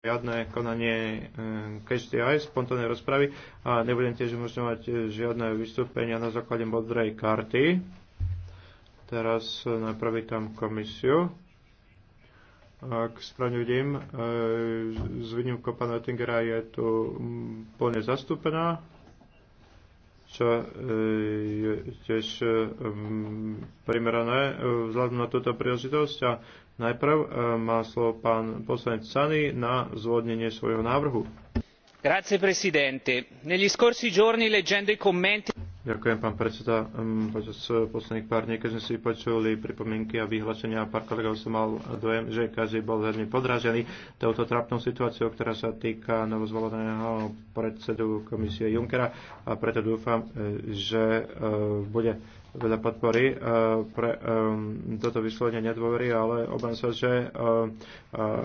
žiadne konanie eh, KSTI, spontánnej rozpravy a nebudem tiež umožňovať eh, žiadne vystúpenia na základe modrej karty. Teraz eh, najprv tam komisiu. Ak správne vidím, s výnimkou pána Oettingera je tu mm, plne zastúpená, čo je tiež primerané vzhľadom na túto príležitosť a Najprv eh, má slovo pán poslanec Sany na zvodnenie svojho návrhu. Grazie Presidente. Negli scorsi giorni leggendo i commenti... Ďakujem, pán predseda. Ehm, počas eh, posledných pár dní, keď sme si počuli pripomienky a vyhlásenia pár kolegov, som mal dojem, že každý bol veľmi podražený touto trapnou situáciou, ktorá sa týka novozvoleného predsedu komisie Junckera a preto dúfam, eh, že bude veľa podpory eh, pre eh, toto vyslovenie nedôvery, ale obávam sa, že eh,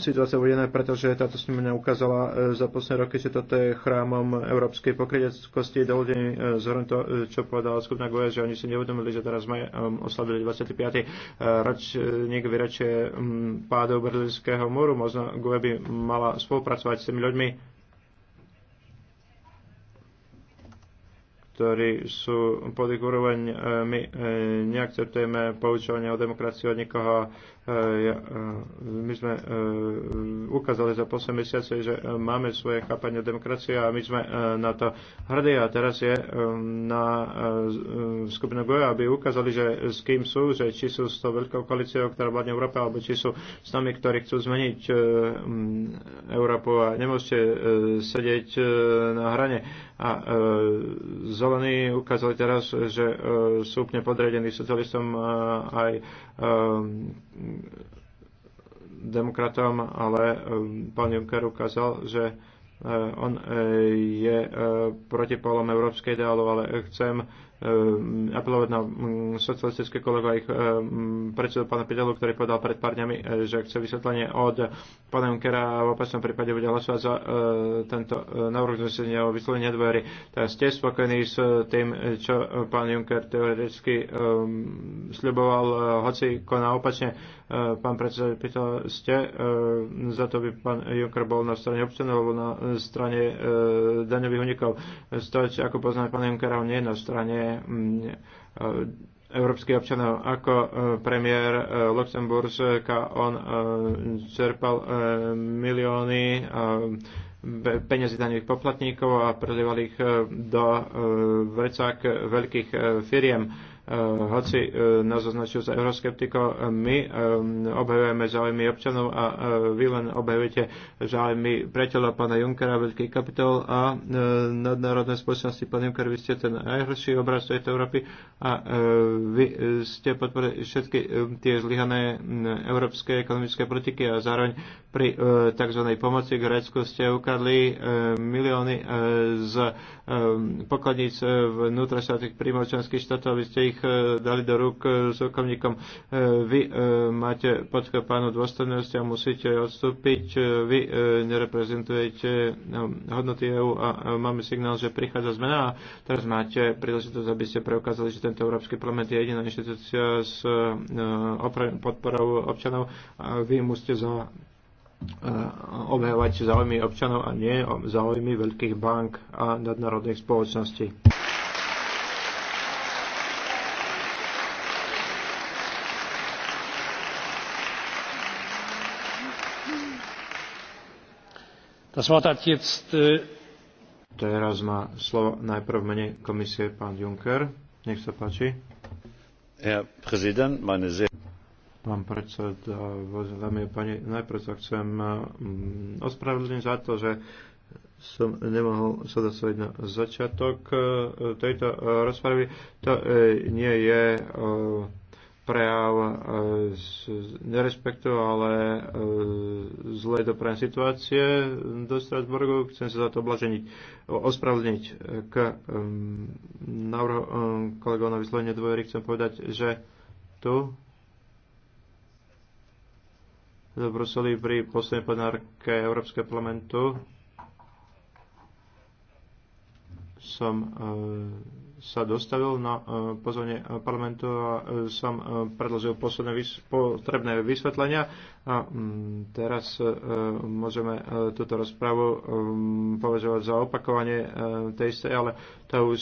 situácia uvedená, pretože táto snemenia ukázala za posledné roky, že toto je chrámom európskej pokryteckosti. Dovolte mi zhrnúť to, čo povedala skupina Goja, že oni si neuvedomili, že teraz sme oslavili 25. vyračuje um, pádov Berlínskeho múru. Možno Goja by mala spolupracovať s tými ľuďmi, ktorí sú pod úroveň. E, my e, neakceptujeme poučovanie o demokracii od nikoho Eh, eh, my sme eh, ukázali za posledné mesiace, že máme svoje chápanie demokracie a my sme na to hrdí a teraz je na skupinu GOE, aby ukázali, že s kým sú, že či sú s tou veľkou koalíciou, ktorá vládne Európa, alebo či sú s nami, ktorí chcú zmeniť mm, Európu a nemôžete sedieť na hrane. A zelení ukázali teraz, že sú úplne podriadení socialistom aj demokratom, ale eh, pán Juncker ukázal, že eh, on eh, je proti polom európskej ideálu, ale chcem Ehm, apelovať na mm, socialistické kolego ich ehm, predsedu pána Pidelu, ktorý povedal pred pár dňami, eh, že chce vysvetlenie od pána Junkera a v opačnom prípade bude hlasovať za eh, tento eh, návrh znesenia o vyslovenie dvojery. Tak ste spokojní s tým, čo pán Juncker teoreticky ehm, sľuboval, hoci koná opačne. Pán predseda, pýtal ste, za to by pán Juncker bol na strane občanov alebo na strane daňových unikov. Z toho, ako poznáme pán Junckera, on nie je na strane pre mm, európskych občanov. Ako e, premiér e, Luxemburska on e, čerpal milióny peniazy daných poplatníkov a prelieval ich do vrecák veľkých firiem E, hoci e, nás označujú za euroskeptikov, e, my obhajujeme záujmy občanov a vy len obhajujete záujmy priateľa pána Junkera, veľký kapitál a nadnárodné spoločnosti. Pán Juncker, vy ste ten najhorší obraz tejto Európy a vy ste podporili všetky tie zlyhané európske ekonomické politiky a zároveň pri tzv. pomoci Grécku ste ukradli milióny z pokladníc štátnych príjmov členských štátov, aby ste ich ich e, dali do rúk e, s okamníkom. E, vy máte podkopanú dôstojnosť a musíte odstúpiť. Vy nereprezentujete no, hodnoty EU a máme signál, že prichádza zmena a teraz máte príležitosť, aby ste preukázali, že tento Európsky parlament je jediná inštitúcia s podporou občanov a vy musíte za obhajovať záujmy občanov a nie záujmy veľkých bank a nadnárodných spoločností. Äh, Teraz má slovo najprv mene komisie pán Juncker. Nech sa páči. Pán predseda, dámy a pani, najprv sa chcem eh, mm, ospravedlniť za to, že som nemohol sa dostať na začiatok eh, tejto eh, rozpravy. To nie je prejav e, nerespektu, ale e, zlej dopravnej situácie do Strasburgu. Chcem sa za to oblaženiť, ospravedlniť k e, návrhu kolegov na vyslovenie dôvery. Chcem povedať, že tu v Bruseli pri poslednej plenárke Európskeho parlamentu som sa dostavil na e, pozvanie e, parlamentu a e, som predložil posledné potrebné vysvetlenia a mm, teraz môžeme túto rozprávu považovať za opakovanie tej istej, ale to už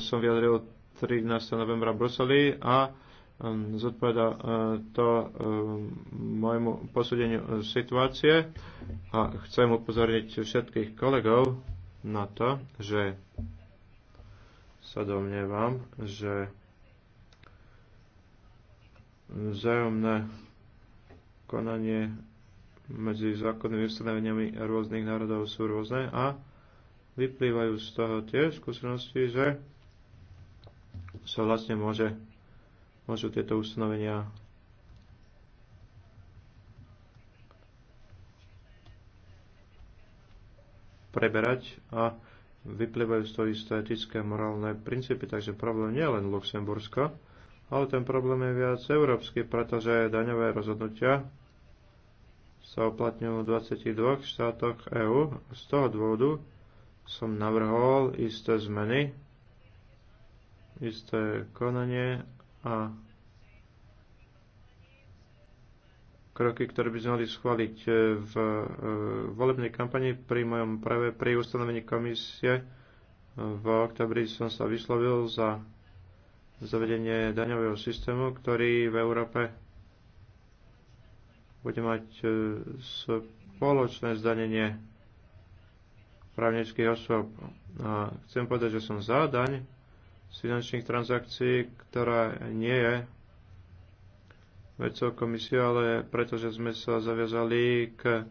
som vyjadril 13. novembra v Bruseli a zodpoveda to môjmu posúdeniu situácie a chcem upozorniť všetkých kolegov na to, že sa domnievam, že vzájomné konanie medzi zákonnými ustanoveniami rôznych národov sú rôzne a vyplývajú z toho tie skúsenosti, že sa vlastne môže, môžu tieto ustanovenia preberať a vyplývajú z toho isté etické a morálne princípy, takže problém nie je len Luxembursko, ale ten problém je viac európsky, pretože daňové rozhodnutia sa uplatňujú v 22 štátoch EÚ. Z toho dôvodu som navrhol isté zmeny, isté konanie a kroky, ktoré by sme mali schváliť e, v e, volebnej kampani pri mojom prave pri ustanovení komisie. E, v oktobri som sa vyslovil za zavedenie daňového systému, ktorý v Európe bude mať spoločné zdanenie právnických osôb. A chcem povedať, že som za daň z finančných transakcií, ktorá nie je vecov komisie, ale pretože sme sa zaviazali k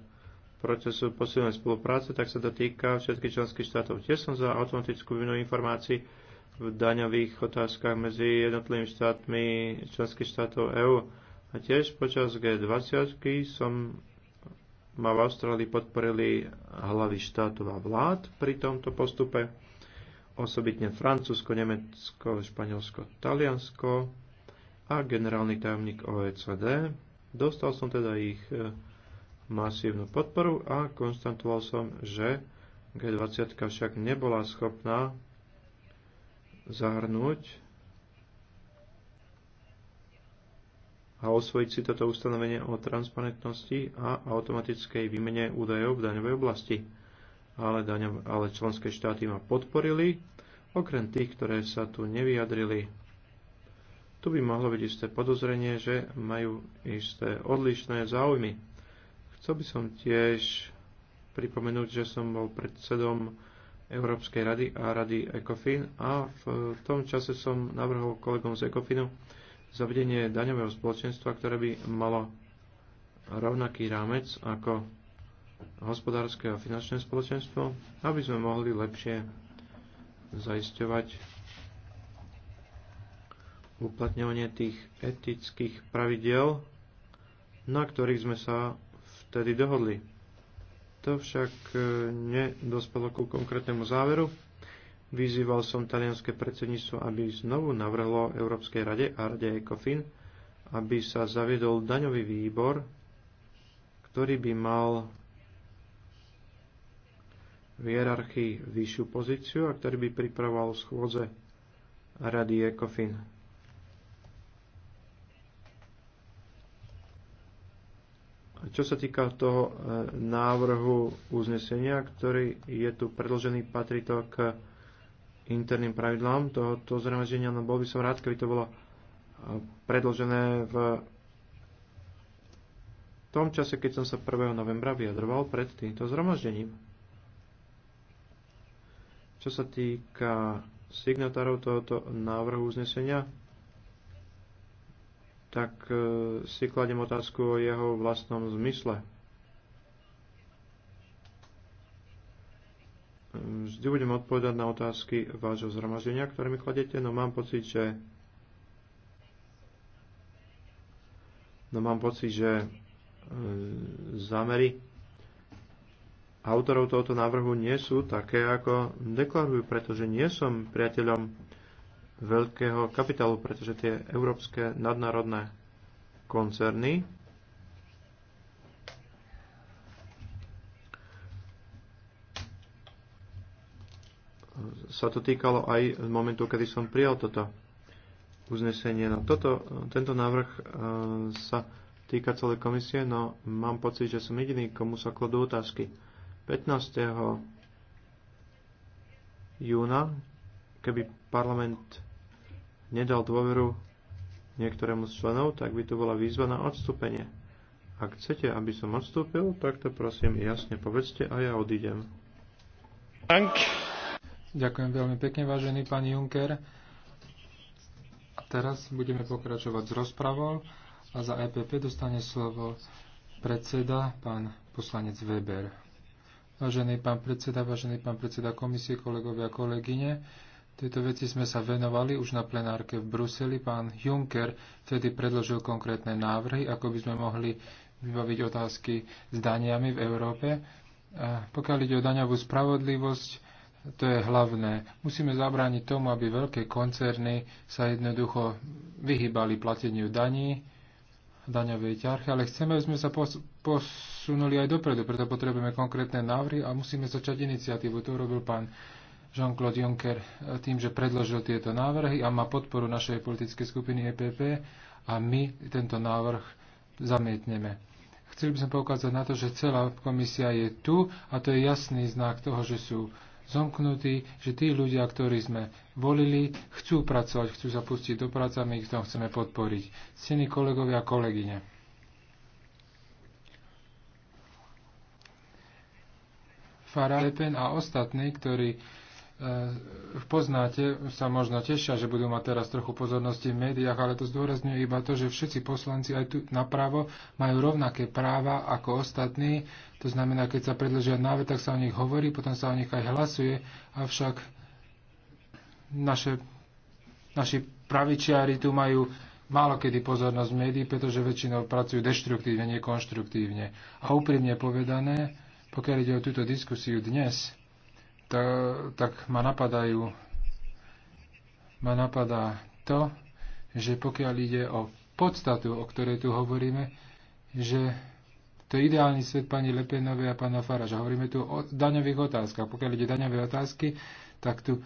procesu posilnej spolupráce, tak sa to týka všetkých členských štátov. Tiež som za automatickú výmenu informácií v daňových otázkach medzi jednotlivými štátmi členských štátov EÚ. A tiež počas G20 som ma v Austrálii podporili hlavy štátov a vlád pri tomto postupe, osobitne Francúzsko, Nemecko, Španielsko, Taliansko, a generálny tajomník OECD. Dostal som teda ich e, masívnu podporu a konstatoval som, že G20 však nebola schopná zahrnúť a osvojiť si toto ustanovenie o transparentnosti a automatickej výmene údajov v daňovej oblasti. Ale, daňov, ale členské štáty ma podporili, okrem tých, ktoré sa tu nevyjadrili. Tu by mohlo byť isté podozrenie, že majú isté odlišné záujmy. Chcel by som tiež pripomenúť, že som bol predsedom Európskej rady a rady ECOFIN a v tom čase som navrhol kolegom z ECOFINu zavedenie daňového spoločenstva, ktoré by malo rovnaký rámec ako hospodárske a finančné spoločenstvo, aby sme mohli lepšie zaisťovať uplatňovanie tých etických pravidel, na ktorých sme sa vtedy dohodli. To však e, nedospelo ku konkrétnemu záveru. Vyzýval som talianské predsedníctvo, aby znovu navrhlo Európskej rade a rade ECOFIN, aby sa zaviedol daňový výbor, ktorý by mal v hierarchii vyššiu pozíciu a ktorý by pripravoval schôdze rady ECOFIN. Čo sa týka toho e, návrhu uznesenia, ktorý je tu predložený, patrí to k interným pravidlám tohoto zhromaždenia, no bol by som rád, keby to bolo e, predložené v tom čase, keď som sa 1. novembra vyjadroval pred týmto zhromaždením. Čo sa týka signatárov tohoto návrhu uznesenia, tak e, si kladem otázku o jeho vlastnom zmysle. Vždy budem odpovedať na otázky vášho zhromaždenia, ktoré mi kladete, no mám pocit, že no mám pocit, že e, zámery autorov tohoto návrhu nie sú také, ako deklarujú, pretože nie som priateľom veľkého kapitálu, pretože tie európske nadnárodné koncerny sa to týkalo aj z momentu, kedy som prijal toto uznesenie. No toto, tento návrh e, sa týka celej komisie, no mám pocit, že som jediný, komu sa kladú otázky. 15. júna, keby parlament nedal dôveru niektorému z členov, tak by tu bola výzva na odstúpenie. Ak chcete, aby som odstúpil, tak to prosím jasne povedzte a ja odídem. Dank. Ďakujem veľmi pekne, vážený pán Juncker. A teraz budeme pokračovať s rozpravou a za EPP dostane slovo predseda, pán poslanec Weber. Vážený pán predseda, vážený pán predseda komisie, kolegovia a kolegyne, tieto veci sme sa venovali už na plenárke v Bruseli. Pán Juncker vtedy predložil konkrétne návrhy, ako by sme mohli vybaviť otázky s daniami v Európe. A pokiaľ ide o daňovú spravodlivosť, to je hlavné. Musíme zabrániť tomu, aby veľké koncerny sa jednoducho vyhýbali plateniu daní, daňovej ťarchy, ale chceme, aby sme sa posunuli aj dopredu, preto potrebujeme konkrétne návrhy a musíme začať iniciatívu. To urobil pán Jean-Claude Juncker eh, tým, že predložil tieto návrhy a má podporu našej politickej skupiny EPP a my tento návrh zamietneme. Chceli by som poukázať na to, že celá komisia je tu a to je jasný znak toho, že sú zomknutí, že tí ľudia, ktorí sme volili, chcú pracovať, chcú zapustiť do práce a my ich tom chceme podporiť. Cení kolegovia a kolegyne. Farah Lepen a ostatní, ktorí Eh, poznáte, sa možno tešia, že budú mať teraz trochu pozornosti v médiách, ale to zdôrazňuje iba to, že všetci poslanci aj tu napravo majú rovnaké práva ako ostatní. To znamená, keď sa predložia návrh, tak sa o nich hovorí, potom sa o nich aj hlasuje, avšak naše, naši pravičiari tu majú málo kedy pozornosť médií, pretože väčšinou pracujú deštruktívne, nie konštruktívne. A úprimne povedané, pokiaľ ide o túto diskusiu dnes, to, tak ma napadajú ma napadá to, že pokiaľ ide o podstatu, o ktorej tu hovoríme, že to je ideálny svet pani Lepenovej a pána Faraža. Hovoríme tu o daňových otázkach. Pokiaľ ide daňové otázky, tak tu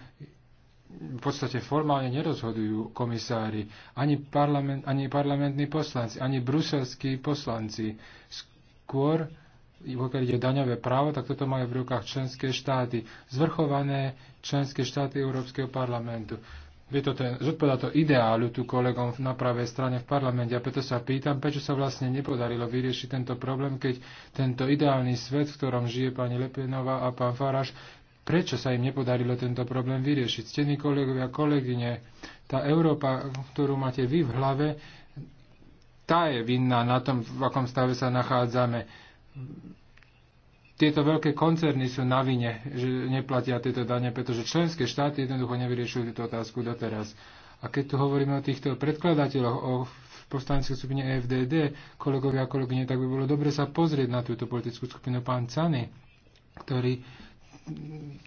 v podstate formálne nerozhodujú komisári, ani, parlament, ani parlamentní poslanci, ani bruselskí poslanci. Skôr pokiaľ ide daňové právo, tak toto majú v rukách členské štáty, zvrchované členské štáty Európskeho parlamentu. Je to ten, zodpovedá to ideálu tu kolegom na pravej strane v parlamente a preto sa pýtam, prečo sa vlastne nepodarilo vyriešiť tento problém, keď tento ideálny svet, v ktorom žije pani Lepenová a pán Faraš, prečo sa im nepodarilo tento problém vyriešiť. Stení kolegovia, kolegyne, tá Európa, ktorú máte vy v hlave, tá je vinná na tom, v akom stave sa nachádzame tieto veľké koncerny sú na vine, že neplatia tieto dane, pretože členské štáty jednoducho nevyriešujú túto otázku doteraz. A keď tu hovoríme o týchto predkladateľoch, o povstaneckej skupine EFDD, kolegovia a kolegyne, tak by bolo dobre sa pozrieť na túto politickú skupinu pán Cany, ktorý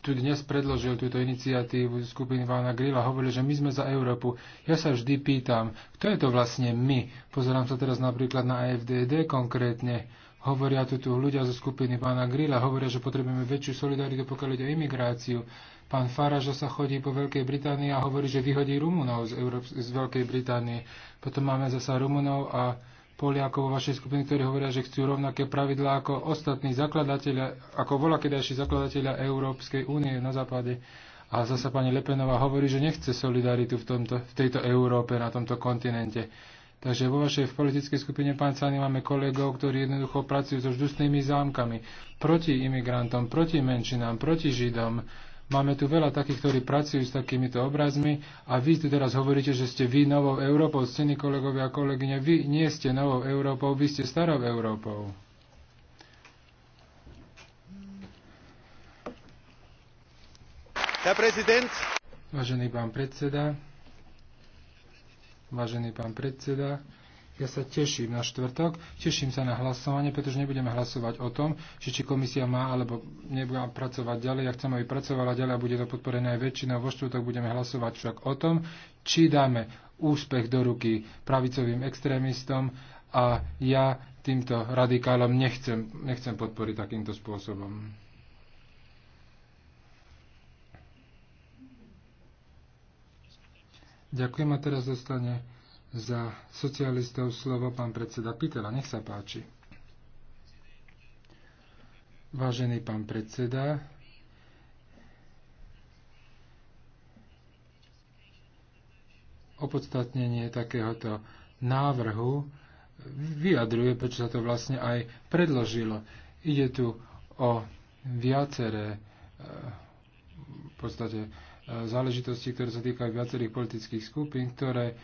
tu dnes predložil túto iniciatívu skupiny Vána Grila, hovoril, že my sme za Európu. Ja sa vždy pýtam, kto je to vlastne my? Pozerám sa teraz napríklad na EFDD konkrétne. Hovoria tu, tu ľudia zo skupiny pána Grilla, hovoria, že potrebujeme väčšiu solidaritu, pokiaľ ide o imigráciu. Pán faraž sa chodí po Veľkej Británii a hovorí, že vyhodí Rumunov z, Európ- z Veľkej Británie. Potom máme zasa Rumunov a Poliakov vo vašej skupiny, ktorí hovoria, že chcú rovnaké pravidlá ako ostatní zakladatelia, ako volakedajší zakladatelia Európskej únie na západe. A zasa pani Lepenová hovorí, že nechce solidaritu v, tomto, v tejto Európe, na tomto kontinente. Takže vo vašej politickej skupine, pán Cani, máme kolegov, ktorí jednoducho pracujú so ždusnými zámkami proti imigrantom, proti menšinám, proti Židom. Máme tu veľa takých, ktorí pracujú s takýmito obrazmi a vy tu teraz hovoríte, že ste vy novou Európou, ctení kolegovia a kolegyne, vy nie ste novou Európou, vy ste starou Európou. Vážený pán predseda, vážený pán predseda. Ja sa teším na štvrtok, teším sa na hlasovanie, pretože nebudeme hlasovať o tom, že či komisia má alebo nebude pracovať ďalej. Ja chcem, aby pracovala ďalej a bude to podporené aj väčšinou. Vo štvrtok budeme hlasovať však o tom, či dáme úspech do ruky pravicovým extrémistom a ja týmto radikálom nechcem, nechcem podporiť takýmto spôsobom. Ďakujem a teraz zostane za socialistov slovo pán predseda Pitela. Nech sa páči. Vážený pán predseda, opodstatnenie takéhoto návrhu vyjadruje, prečo sa to vlastne aj predložilo. Ide tu o viaceré eh, v podstate záležitosti, ktoré sa týkajú viacerých politických skupín, ktoré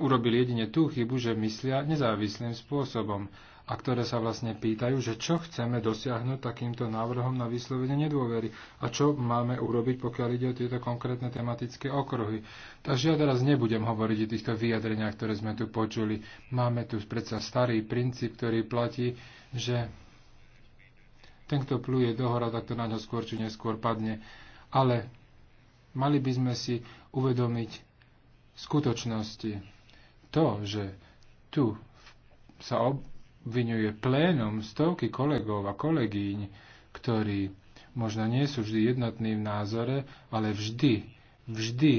urobili jedine tú chybu, že myslia nezávislým spôsobom a ktoré sa vlastne pýtajú, že čo chceme dosiahnuť takýmto návrhom na vyslovenie nedôvery a čo máme urobiť, pokiaľ ide o tieto konkrétne tematické okruhy. Takže ja teraz nebudem hovoriť o týchto vyjadreniach, ktoré sme tu počuli. Máme tu predsa starý princíp, ktorý platí, že ten, kto pluje dohora, tak to na ňo skôr či neskôr padne. Ale mali by sme si uvedomiť skutočnosti. To, že tu sa obvinuje plénom stovky kolegov a kolegyň, ktorí možno nie sú vždy jednotní v názore, ale vždy, vždy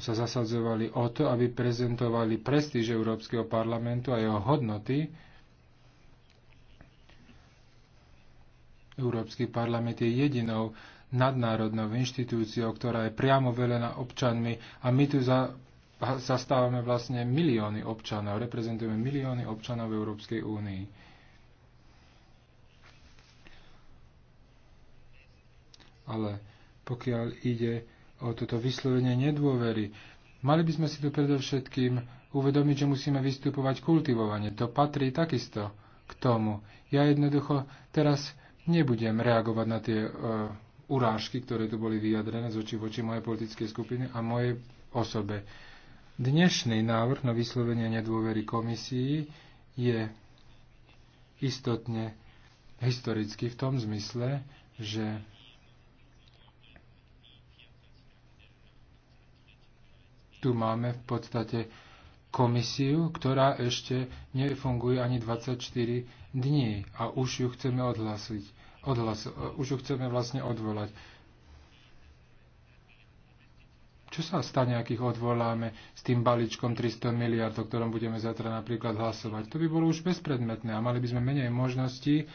sa zasadzovali o to, aby prezentovali prestíž Európskeho parlamentu a jeho hodnoty. Európsky parlament je jedinou nadnárodnou inštitúciou, ktorá je priamo velená občanmi a my tu za, zastávame vlastne milióny občanov, reprezentujeme milióny občanov v Európskej únii. Ale pokiaľ ide o toto vyslovenie nedôvery, mali by sme si tu predovšetkým uvedomiť, že musíme vystupovať kultivovanie. To patrí takisto k tomu. Ja jednoducho teraz nebudem reagovať na tie uh, urážky, ktoré tu boli vyjadrené z oči voči mojej politickej skupine a mojej osobe. Dnešný návrh na vyslovenie nedôvery komisii je istotne historický v tom zmysle, že tu máme v podstate komisiu, ktorá ešte nefunguje ani 24 dní a už ju chceme odhlásiť odhlas, už ju chceme vlastne odvolať. Čo sa stane, ak ich odvoláme s tým balíčkom 300 miliard, o ktorom budeme zatra napríklad hlasovať? To by bolo už bezpredmetné a mali by sme menej možností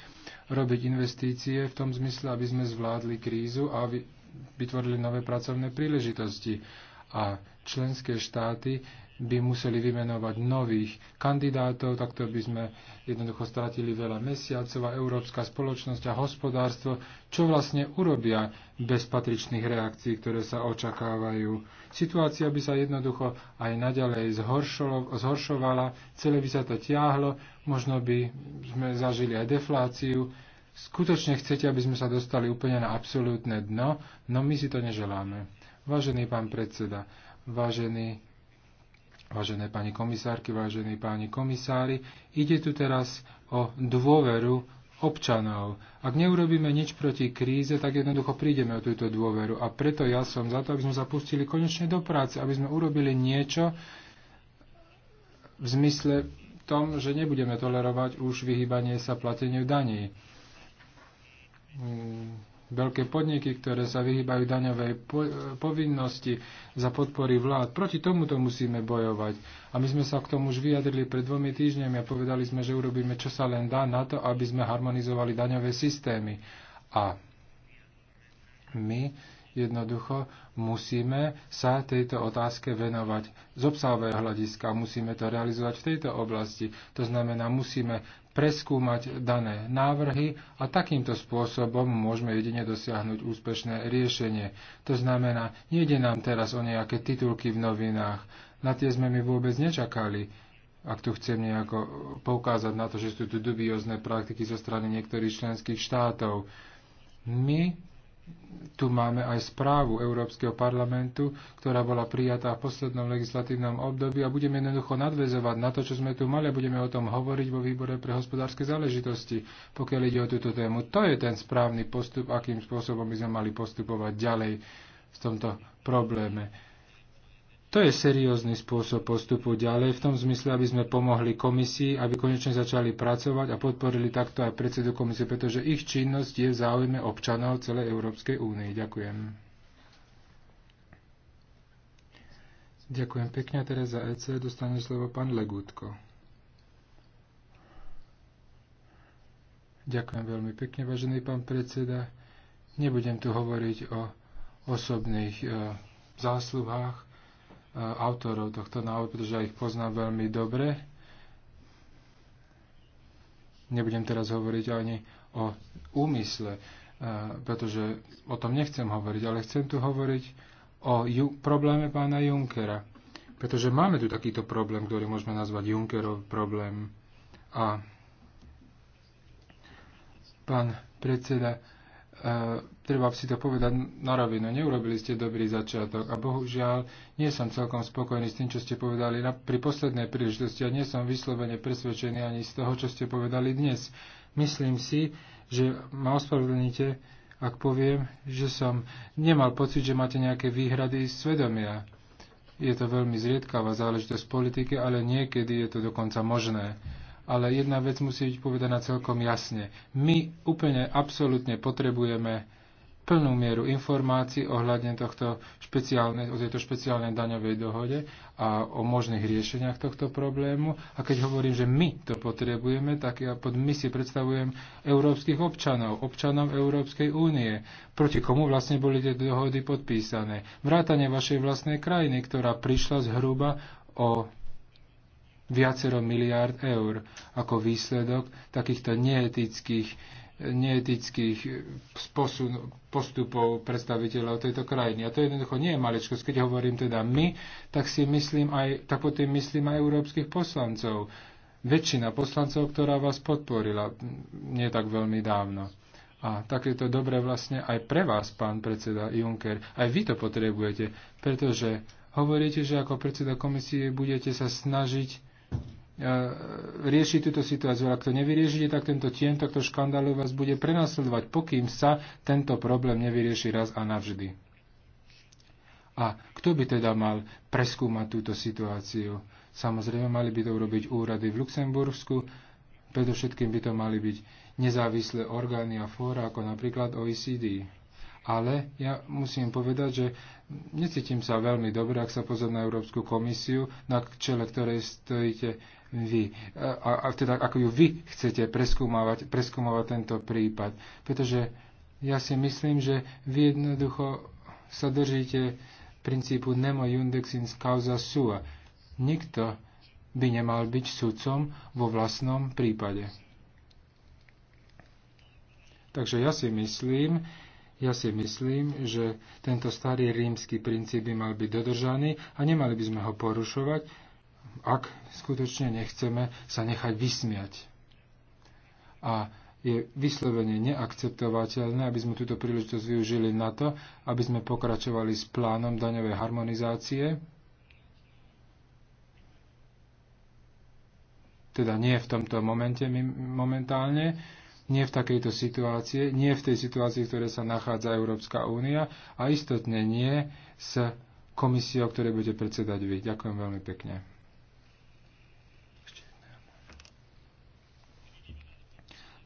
robiť investície v tom zmysle, aby sme zvládli krízu a vytvorili nové pracovné príležitosti. A členské štáty by museli vymenovať nových kandidátov, takto by sme jednoducho stratili veľa mesiacov a európska spoločnosť a hospodárstvo, čo vlastne urobia bez patričných reakcií, ktoré sa očakávajú. Situácia by sa jednoducho aj naďalej zhoršovala, celé by sa to tiahlo, možno by sme zažili aj defláciu, skutočne chcete, aby sme sa dostali úplne na absolútne dno, no my si to neželáme. Vážený pán predseda, vážení Vážené pani komisárky, vážení páni komisári, ide tu teraz o dôveru občanov. Ak neurobíme nič proti kríze, tak jednoducho prídeme o túto dôveru. A preto ja som za to, aby sme zapustili konečne do práce, aby sme urobili niečo v zmysle tom, že nebudeme tolerovať už vyhýbanie sa plateniu daní. Mm veľké podniky, ktoré sa vyhýbajú daňovej po, povinnosti za podpory vlád. Proti tomuto musíme bojovať. A my sme sa k tomu už vyjadrili pred dvomi týždňami a povedali sme, že urobíme čo sa len dá na to, aby sme harmonizovali daňové systémy. A my jednoducho musíme sa tejto otázke venovať z obsahového hľadiska. Musíme to realizovať v tejto oblasti. To znamená, musíme preskúmať dané návrhy a takýmto spôsobom môžeme jedine dosiahnuť úspešné riešenie. To znamená, nejde nám teraz o nejaké titulky v novinách. Na tie sme my vôbec nečakali. Ak tu chcem nejako poukázať na to, že sú tu dubiozne praktiky zo strany niektorých členských štátov. My tu máme aj správu Európskeho parlamentu, ktorá bola prijatá v poslednom legislatívnom období a budeme jednoducho nadvezovať na to, čo sme tu mali a budeme o tom hovoriť vo výbore pre hospodárske záležitosti, pokiaľ ide o túto tému. To je ten správny postup, akým spôsobom by sme mali postupovať ďalej v tomto probléme to je seriózny spôsob postupu ďalej, v tom zmysle, aby sme pomohli komisii, aby konečne začali pracovať a podporili takto aj predsedu komisie, pretože ich činnosť je v záujme občanov celej Európskej únie. Ďakujem. Ďakujem pekne. A teraz za EC dostane slovo pán Legutko. Ďakujem veľmi pekne, vážený pán predseda. Nebudem tu hovoriť o osobných e, zásluhách, autorov tohto návodu, pretože ja ich poznám veľmi dobre. Nebudem teraz hovoriť ani o úmysle, pretože o tom nechcem hovoriť, ale chcem tu hovoriť o ju- probléme pána Junkera. Pretože máme tu takýto problém, ktorý môžeme nazvať Junkerov problém. A pán predseda, treba si to povedať na rovinu. Neurobili ste dobrý začiatok a bohužiaľ nie som celkom spokojný s tým, čo ste povedali na, pri poslednej príležitosti a nie som vyslovene presvedčený ani z toho, čo ste povedali dnes. Myslím si, že ma ospravedlníte, ak poviem, že som nemal pocit, že máte nejaké výhrady svedomia. Je to veľmi zriedkavá záležitosť politiky, ale niekedy je to dokonca možné ale jedna vec musí byť povedaná celkom jasne. My úplne absolútne potrebujeme plnú mieru informácií ohľadne tohto špeciálne, o tejto špeciálnej daňovej dohode a o možných riešeniach tohto problému. A keď hovorím, že my to potrebujeme, tak ja pod my si predstavujem európskych občanov, občanov Európskej únie, proti komu vlastne boli tie dohody podpísané. Vrátanie vašej vlastnej krajiny, ktorá prišla zhruba o viacero miliárd eur ako výsledok takýchto neetických neetických posun, postupov predstaviteľov tejto krajiny. A to jednoducho nie je maličkosť. Keď hovorím teda my, tak si myslím aj, tak potom myslím aj európskych poslancov. Väčšina poslancov, ktorá vás podporila nie tak veľmi dávno. A tak je to dobré vlastne aj pre vás, pán predseda Juncker. Aj vy to potrebujete, pretože hovoríte, že ako predseda komisie budete sa snažiť E, rieši túto situáciu. Ak to nevyriešite, tak tento tieň tohto škandálu vás bude prenasledovať, pokým sa tento problém nevyrieši raz a navždy. A kto by teda mal preskúmať túto situáciu? Samozrejme, mali by to urobiť úrady v Luxembursku, predovšetkým by to mali byť nezávislé orgány a fóra, ako napríklad OECD. Ale ja musím povedať, že necítim sa veľmi dobre, ak sa pozor na Európsku komisiu, na čele ktorej stojíte vy, a, a teda ako ju vy chcete preskúmavať, preskúmavať tento prípad. Pretože ja si myslím, že vy jednoducho sa držíte princípu nemo iundex in causa sua. Nikto by nemal byť sudcom vo vlastnom prípade. Takže ja si myslím, ja si myslím, že tento starý rímsky princíp by mal byť dodržaný a nemali by sme ho porušovať, ak skutočne nechceme sa nechať vysmiať. A je vyslovene neakceptovateľné, aby sme túto príležitosť využili na to, aby sme pokračovali s plánom daňovej harmonizácie, teda nie v tomto momente momentálne, nie v takejto situácii, nie v tej situácii, v ktorej sa nachádza Európska únia a istotne nie s komisiou, ktoré bude predsedať vy. Ďakujem veľmi pekne.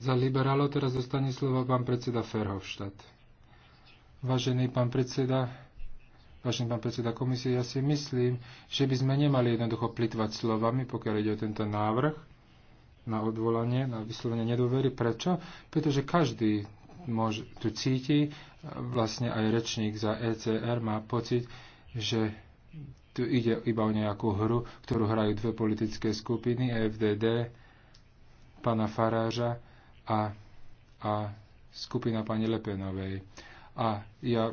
Za liberálov teraz dostane slovo pán predseda Ferhofštát. Vážený pán predseda, vážený pán predseda komisie, ja si myslím, že by sme nemali jednoducho plitvať slovami, pokiaľ ide o tento návrh na odvolanie, na vyslovenie nedôvery. Prečo? Pretože každý môž, tu cíti, vlastne aj rečník za ECR má pocit, že tu ide iba o nejakú hru, ktorú hrajú dve politické skupiny, FDD, pana Faráža a, a skupina pani Lepenovej. A ja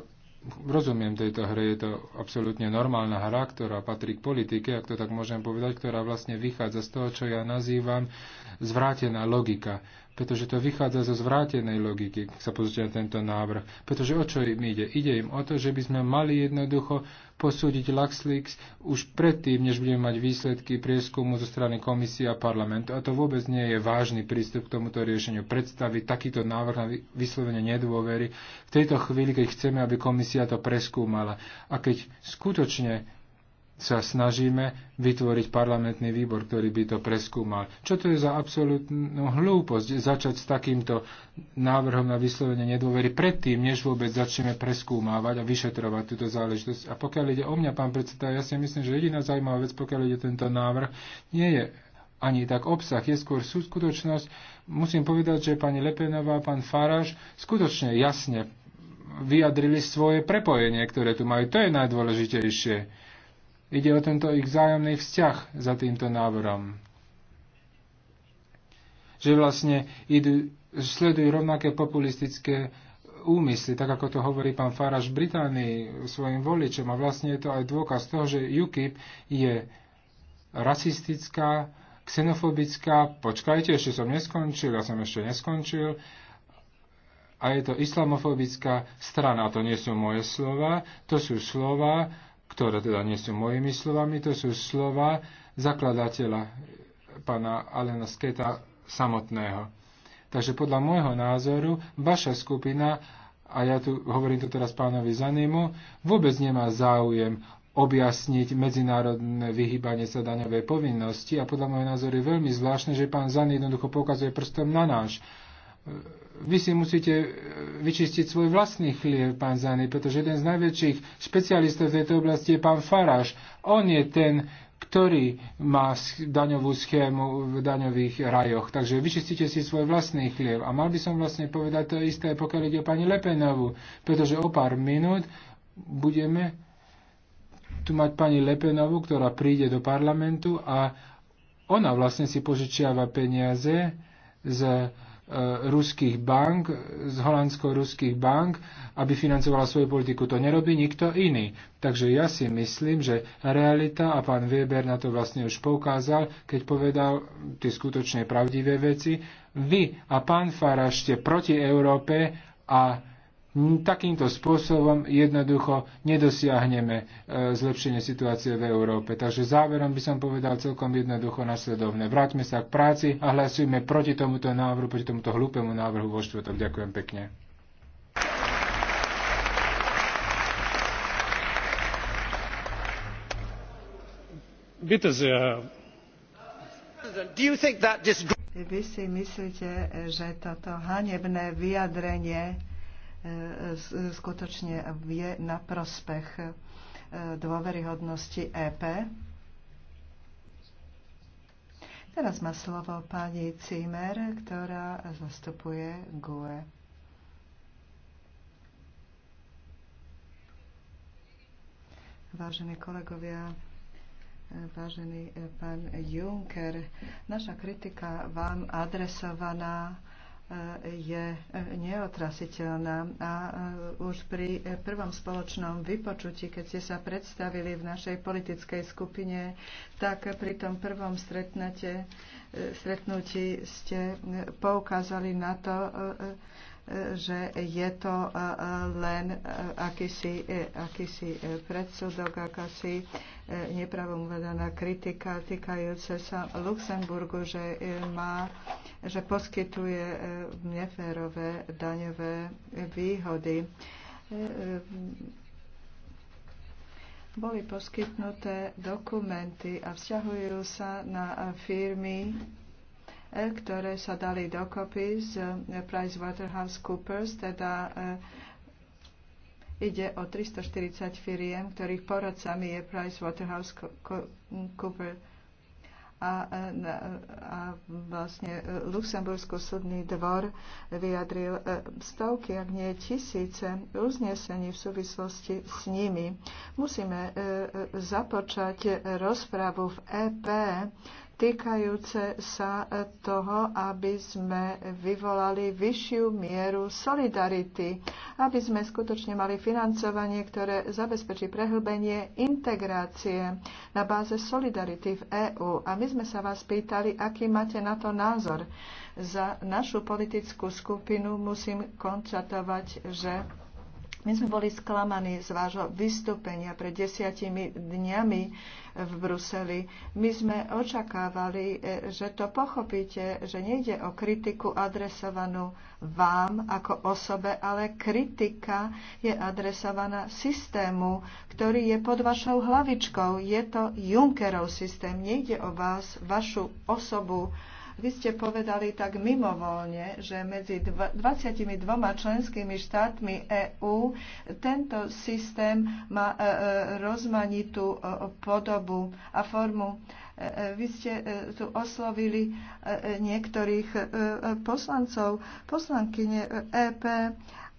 rozumiem tejto hre, je to absolútne normálna hra, ktorá patrí k politike, ak to tak môžem povedať, ktorá vlastne vychádza z toho, čo ja nazývam zvrátená logika pretože to vychádza zo zvrátenej logiky, keď sa pozrite na tento návrh. Pretože o čo im ide? Ide im o to, že by sme mali jednoducho posúdiť Luxlix už predtým, než budeme mať výsledky prieskumu zo strany komisie a parlamentu. A to vôbec nie je vážny prístup k tomuto riešeniu. Predstaviť takýto návrh na vyslovenie nedôvery v tejto chvíli, keď chceme, aby komisia to preskúmala. A keď skutočne sa snažíme vytvoriť parlamentný výbor, ktorý by to preskúmal. Čo to je za absolútnu hlúposť začať s takýmto návrhom na vyslovenie nedôvery predtým, než vôbec začneme preskúmávať a vyšetrovať túto záležitosť. A pokiaľ ide o mňa, pán predseda, ja si myslím, že jediná zaujímavá vec, pokiaľ ide tento návrh, nie je ani tak obsah, je skôr sú skutočnosť. Musím povedať, že pani Lepenová pán Faraž skutočne jasne vyjadrili svoje prepojenie, ktoré tu majú. To je najdôležitejšie Ide o tento ich vzájomný vzťah za týmto náborom. Že vlastne idú, sledujú rovnaké populistické úmysly, tak ako to hovorí pán Faraš v Británii svojim voličom. A vlastne je to aj dôkaz toho, že UKIP je rasistická, xenofobická, počkajte, ešte som neskončil, ja som ešte neskončil, a je to islamofobická strana. A to nie sú moje slova, to sú slova ktoré teda nie sú mojimi slovami, to sú slova zakladateľa pána Alena Sketa samotného. Takže podľa môjho názoru vaša skupina, a ja tu hovorím to teraz pánovi Zanimu, vôbec nemá záujem objasniť medzinárodné vyhýbanie sa daňovej povinnosti a podľa môjho názoru je veľmi zvláštne, že pán Zan jednoducho pokazuje prstom na náš vy si musíte e, vyčistiť svoj vlastný chlieb, pán Zany, pretože jeden z najväčších špecialistov v tejto oblasti je pán Faráš. On je ten, ktorý má daňovú schému v daňových rajoch. Takže vyčistite si svoj vlastný chliev. A mal by som vlastne povedať to isté, pokiaľ ide o pani Lepenovu, pretože o pár minút budeme tu mať pani Lepenovu, ktorá príde do parlamentu a ona vlastne si požičiava peniaze z Eh, ruských bank, z holandsko-ruských bank, aby financovala svoju politiku. To nerobí nikto iný. Takže ja si myslím, že realita, a pán Weber na to vlastne už poukázal, keď povedal tie skutočne pravdivé veci, vy a pán Fara ste proti Európe a Takýmto spôsobom jednoducho nedosiahneme e, zlepšenie situácie v Európe. Takže záverom by som povedal celkom jednoducho nasledovne. Vráťme sa k práci a hlasujme proti tomuto návrhu, proti tomuto hlúpemu návrhu vo štvrtok. Ďakujem pekne. Vy si myslíte, že toto hanebné vyjadrenie skutočne vie na prospech e, dôveryhodnosti EP. Teraz má slovo pani Cimer, ktorá zastupuje GUE. Vážení kolegovia, vážený e, pán Juncker, naša kritika vám adresovaná je neotrasiteľná. A e, už pri prvom spoločnom vypočutí, keď ste sa predstavili v našej politickej skupine, tak pri tom prvom e, stretnutí ste e, poukázali na to, že je to e, e, len e, akýsi, akýsi predsudok, akási nepravom kritika týkajúce sa Luxemburgu, že, má, že poskytuje neférové daňové výhody boli poskytnuté dokumenty a vzťahujú sa na firmy E, ktoré sa dali dokopy z e, PricewaterhouseCoopers, teda e, ide o 340 firiem, ktorých poradcami je PricewaterhouseCoopers a, a vlastne Luxembursko súdny dvor vyjadril stovky, ak nie tisíce uznesení v súvislosti s nimi. Musíme započať rozpravu v EP týkajúce sa e, toho, aby sme vyvolali vyššiu mieru solidarity, aby sme skutočne mali financovanie, ktoré zabezpečí prehlbenie integrácie na báze solidarity v EÚ. A my sme sa vás pýtali, aký máte na to názor. Za našu politickú skupinu musím konštatovať, že my sme boli sklamaní z vášho vystúpenia pred desiatimi dňami v Bruseli. My sme očakávali, e, že to pochopíte, že nejde o kritiku adresovanú vám ako osobe, ale kritika je adresovaná systému, ktorý je pod vašou hlavičkou. Je to Junckerov systém. Nejde o vás, vašu osobu vy ste povedali tak mimovoľne, že medzi 22 členskými štátmi EÚ tento systém má e, e, rozmanitú e, podobu a formu. Vy ste tu oslovili niektorých poslancov, poslankyne EP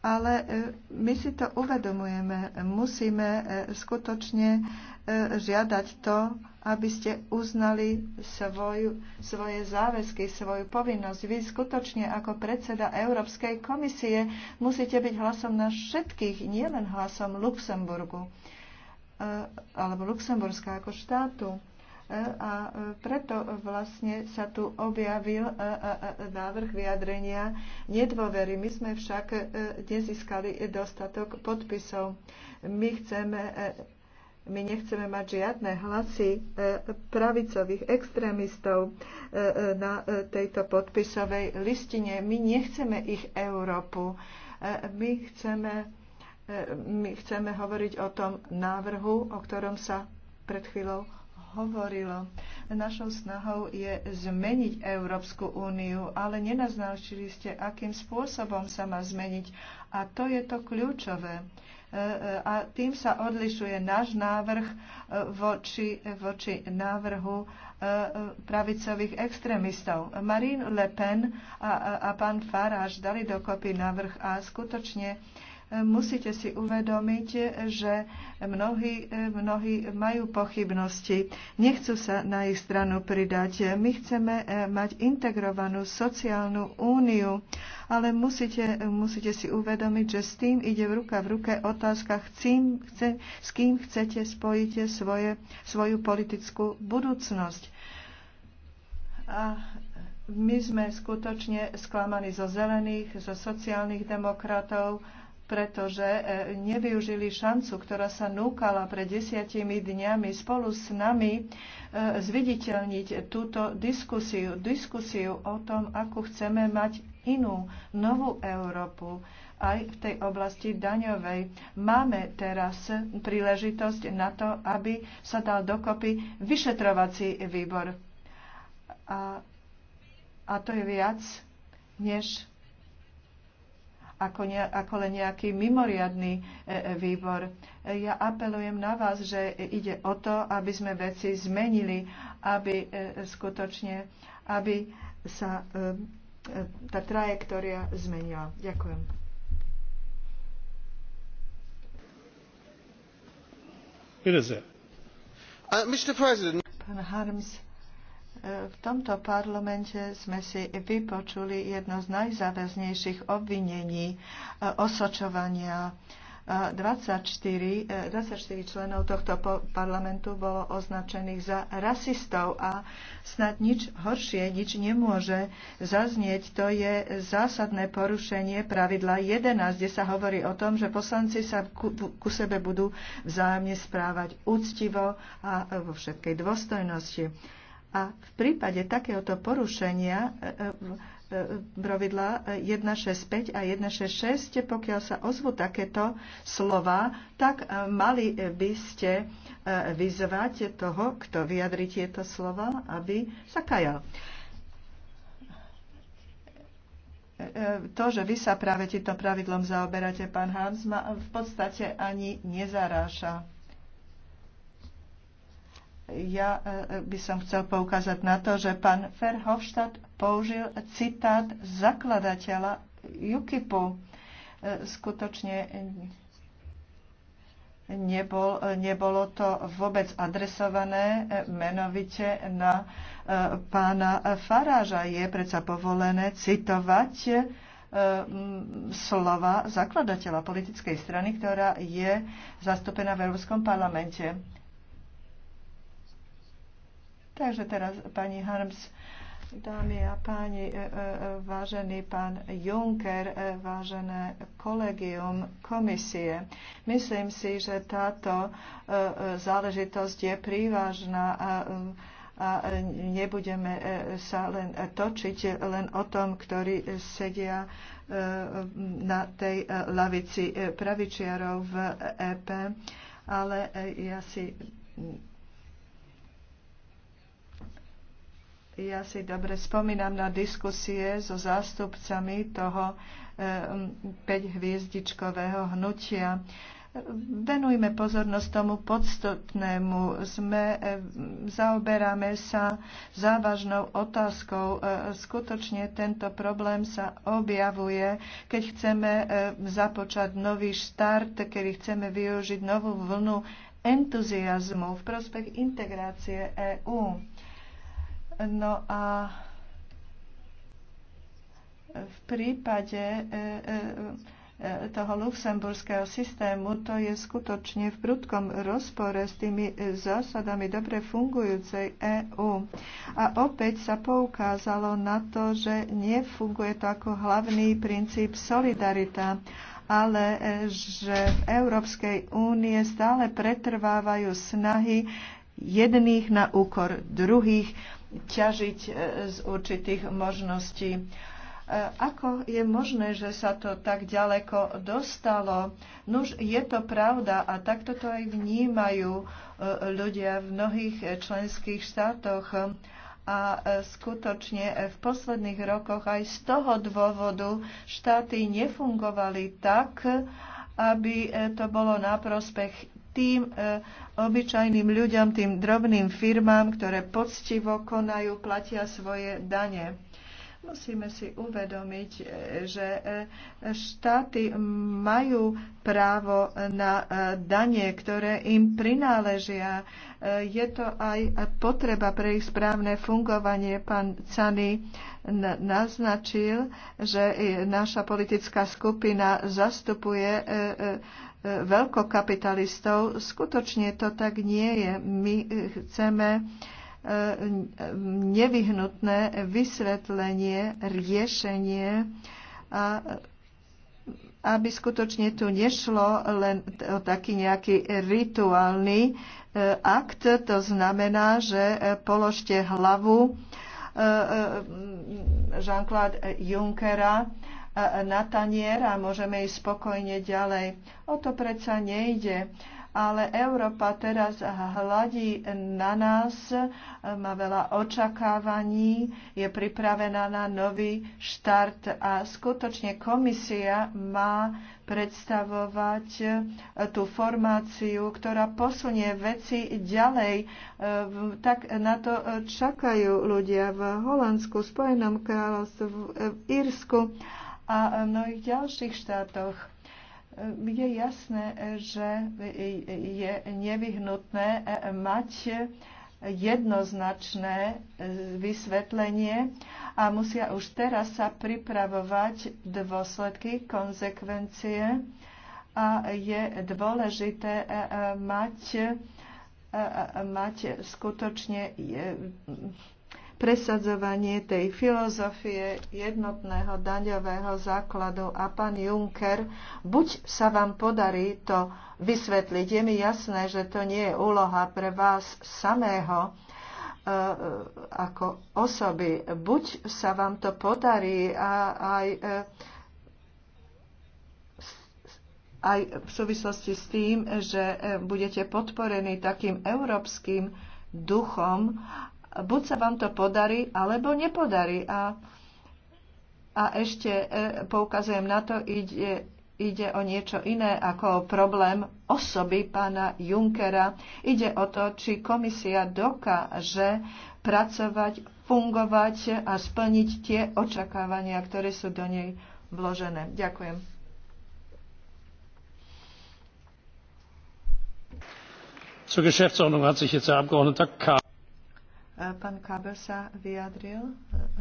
ale e, my si to uvedomujeme. Musíme e, skutočne e, žiadať to, aby ste uznali svoju, svoje záväzky, svoju povinnosť. Vy skutočne ako predseda Európskej komisie musíte byť hlasom na všetkých, nielen hlasom Luxemburgu alebo Luxemburska ako štátu a e, preto vlastne sa tu objavil e, e, návrh vyjadrenia nedôvery. My sme však nezískali dostatok podpisov. My chceme my nechceme mať žiadne hlasy pravicových extrémistov na tejto podpisovej listine. My nechceme ich Európu. My chceme, my chceme hovoriť o tom návrhu, o ktorom sa pred chvíľou hovorilo. Našou snahou je zmeniť Európsku úniu, ale nenaznačili ste, akým spôsobom sa má zmeniť. A to je to kľúčové. E, e, a tým sa odlišuje náš návrh e, voči, voči návrhu pravicových extrémistov. Marine Le Pen a, a, a pán Farage dali dokopy návrh a skutočne musíte si uvedomiť, že mnohí, mnohí majú pochybnosti. Nechcú sa na ich stranu pridať. My chceme eh, mať integrovanú sociálnu úniu, ale musíte, musíte si uvedomiť, že s tým ide v ruka v ruke otázka, chcím, chce, s kým chcete spojiť svoje, svoju politickú budúcnosť. A my sme skutočne sklamaní zo zelených, zo sociálnych demokratov, pretože e, nevyužili šancu, ktorá sa núkala pred desiatimi dňami spolu s nami e, zviditeľniť túto diskusiu, diskusiu o tom, ako chceme mať inú, novú Európu aj v tej oblasti daňovej. Máme teraz príležitosť na to, aby sa dal dokopy vyšetrovací výbor. A, a to je viac, než ako, ne, ako len nejaký mimoriadný e, e výbor. E, ja apelujem na vás, že ide o to, aby sme veci zmenili, aby e, skutočne, aby sa e, e tá trajektória zmenila. Ďakujem. Uh, Pán Harms, v tomto parlamente sme si vypočuli jedno z najzávaznejších obvinení e, osočovania 24, e, 24 e, členov tohto parlamentu bolo označených za rasistov a snad nič horšie, nič nemôže zaznieť. To je zásadné porušenie pravidla 11, kde sa hovorí o tom, že poslanci sa ku, ku sebe budú vzájomne správať úctivo a vo všetkej dôstojnosti. A v prípade takéhoto porušenia brovidla e, e, e, 165 a 166, pokiaľ sa ozvu takéto slova, tak mali by ste vyzvať toho, kto vyjadri tieto slova, aby sa kajal. To, že vy sa práve týmto pravidlom zaoberáte, pán Hans, ma v podstate ani nezaráša ja e, e, by som chcel poukázať na to, že pán Verhofstadt použil citát zakladateľa UKIPu. E, skutočne nebol, nebolo to vôbec adresované menovite na pána Faráža. Je predsa povolené citovať slova zakladateľa politickej strany, ktorá je zastúpená v Európskom parlamente. Takže teraz pani Harms. Dámy a páni, e, e, vážený pán Juncker, e, vážené kolegium komisie. Myslím si, že táto záležitosť je prívažná a a nebudeme sa len točiť len o tom, ktorí sedia na tej lavici pravičiarov v EP, ale ja si Ja si dobre spomínam na diskusie so zástupcami toho 5-hviezdičkového eh, hnutia. Venujme pozornosť tomu podstatnému. Sme, eh, zaoberáme sa závažnou otázkou. Eh, skutočne tento problém sa objavuje, keď chceme započať nový štart, keď chceme využiť novú vlnu entuziasmu v prospech integrácie EÚ No a v prípade e, e, e, toho luxemburského systému, to je skutočne v prudkom rozpore s tými zásadami dobre fungujúcej EÚ. A opäť sa poukázalo na to, že nefunguje to ako hlavný princíp solidarita ale že v Európskej únie stále pretrvávajú snahy jedných na úkor druhých ťažiť e, z určitých možností. E, ako je možné, že sa to tak ďaleko dostalo? Nuž, je to pravda a takto to aj vnímajú e, ľudia v mnohých členských štátoch a skutočne v posledných rokoch aj z toho dôvodu štáty nefungovali tak, aby to bolo na prospech tým e, obyčajným ľuďom, tým drobným firmám, ktoré poctivo konajú, platia svoje dane. Musíme si uvedomiť, e, že e, štáty majú právo na danie, ktoré im prináležia. Je to aj potreba pre ich správne fungovanie. Pán Cany naznačil, že naša politická skupina zastupuje veľkokapitalistov. Skutočne to tak nie je. My chceme e, nevyhnutné vysvetlenie, riešenie a aby skutočne tu nešlo len o taký nejaký rituálny e, akt. To znamená, že e, položte hlavu Jean-Claude Junckera na tanier a môžeme ísť spokojne ďalej. O to predsa nejde. Ale Európa teraz hladí na nás, má veľa očakávaní, je pripravená na nový štart a skutočne komisia má predstavovať e, tú formáciu, ktorá posunie veci ďalej. E, tak na to e, čakajú ľudia v Holandsku, Spojenom kráľovstve, v Írsku a mnohých ďalších štátoch je jasné, že je nevyhnutné mať jednoznačné vysvetlenie a musia už teraz sa pripravovať dôsledky, konsekvencie a je dôležité e, e, mať, e, mať skutočne presadzovanie tej filozofie jednotného daňového základu a pán Juncker, buď sa vám podarí to vysvetliť, je mi jasné, že to nie je úloha pre vás samého, e, ako osoby. Buď sa vám to podarí a aj, e, aj v súvislosti s tým, že e, budete podporení takým európskym duchom buď sa vám to podarí, alebo nepodarí. A, a ešte e, poukazujem na to, ide, ide o niečo iné ako o problém osoby pána Junkera. Ide o to, či komisia dokáže pracovať, fungovať a splniť tie očakávania, ktoré sú do nej vložené. Ďakujem. Zur Geschäftsordnung hat sich jetzt der Abgeordnete K. Pán Kabel sa vyjadril,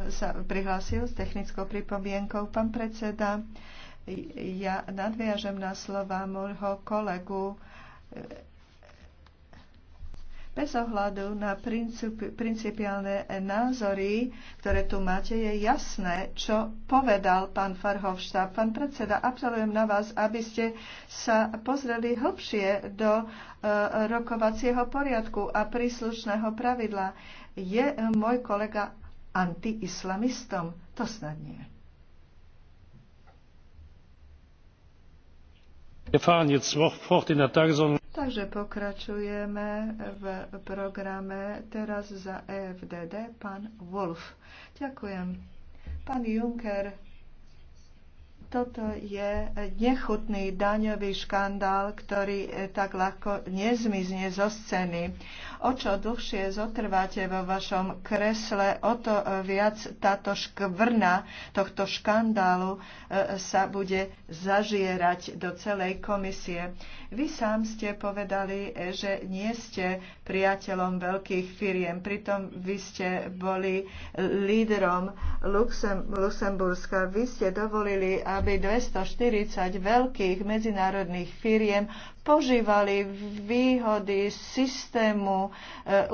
sa prihlásil s technickou pripomienkou. Pán predseda, ja nadviažem na slova môjho kolegu bez ohľadu na principiálne názory, ktoré tu máte, je jasné, čo povedal pán Farhovštát. Pán predseda, apelujem na vás, aby ste sa pozreli hlbšie do e, rokovacieho poriadku a príslušného pravidla. Je môj kolega antiislamistom? To snad nie. Takže pokračujeme v programe teraz za EFDD pán Wolf. Ďakujem. Pán Juncker, toto je nechutný daňový škandál, ktorý tak ľahko nezmizne zo scény. O čo dlhšie zotrváte vo vašom kresle, o to viac táto škvrna tohto škandálu e, sa bude zažierať do celej komisie. Vy sám ste povedali, e, že nie ste priateľom veľkých firiem, pritom vy ste boli líderom Luxem, Luxemburska. Vy ste dovolili, aby 240 veľkých medzinárodných firiem požívali výhody systému e,